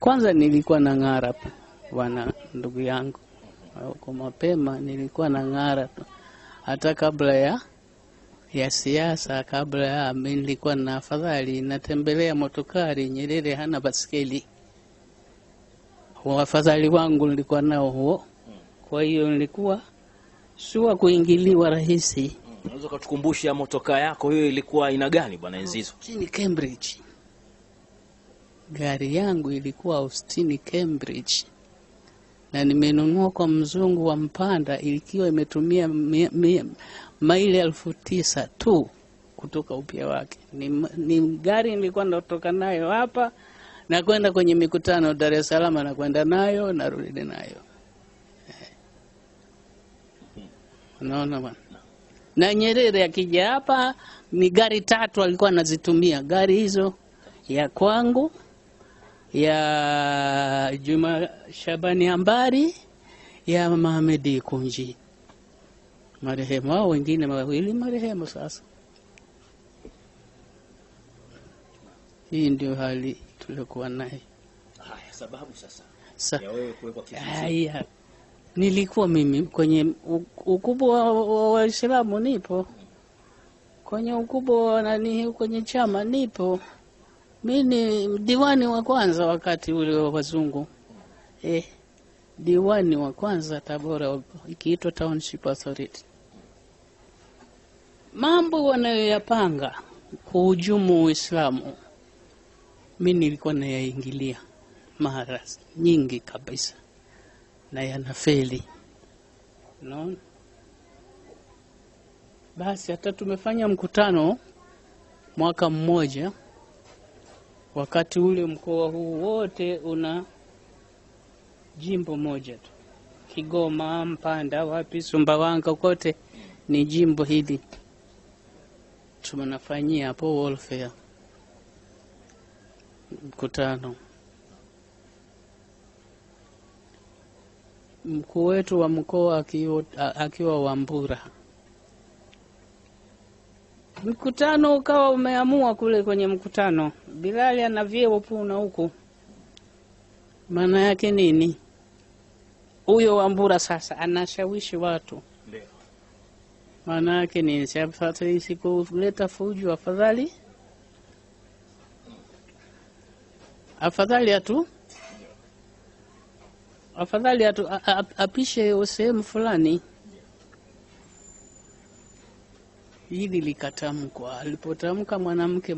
Kwanza nilikuwa na ng'ara tu bwana, ndugu yangu, kwa mapema nilikuwa na ng'ara tu, hata kabla ya ya siasa, kabla ya nilikuwa na afadhali natembelea motokari. Nyerere hana baskeli, wafadhali wangu nilikuwa nao huo, kwa hiyo nilikuwa siwa kuingiliwa rahisi. Unaweza ukatukumbusha motokaa yako hiyo ilikuwa aina gani bwana Enzizo? Chini Cambridge Gari yangu ilikuwa Austin Cambridge, na nimenunua kwa mzungu wa Mpanda, ilikiwa imetumia maili elfu tisa tu kutoka upya wake. Ni, ni gari nilikuwa natoka nayo hapa na kwenda kwenye mikutano Dar es Salaam, nakwenda nayo narudi nayo eh. Unaona bwana, na Nyerere akija hapa ni gari tatu alikuwa anazitumia, gari hizo ya kwangu ya Juma Shabani Hambari ya Mohamed Kunji marehemu. Hao wengine mawili marehemu. Sasa hii ndio hali tuliokuwa naye. Haya, sababu sasa Sa ya wewe kuwekwa kizuizini. Nilikuwa mimi kwenye ukubwa wa Waislamu nipo, kwenye ukubwa wa nani, kwenye chama nipo Mi ni diwani wa kwanza wakati ule wa wazungu eh, diwani wa kwanza Tabora, ikiitwa Township Authority. Mambo wanayoyapanga kuhujumu Uislamu, mi nilikuwa nayaingilia mara nyingi kabisa, na yanafeli no? Basi hata tumefanya mkutano mwaka mmoja Wakati ule mkoa huu wote una jimbo moja tu, Kigoma, Mpanda, wapi, Sumbawanga, kote ni jimbo hili. Tunafanyia hapo welfare mkutano. Mkuu wetu wa mkoa akiwa Wambura Mkutano ukawa umeamua kule kwenye mkutano, Bilali ana vyeo puna huku. Maana yake nini? Huyo Wambura sasa anashawishi watu, maana yake nini? kuleta fujo, afadhali afadhali atu afadhali atu apishe sehemu fulani. Hili likatamkwa alipotamka mwanamke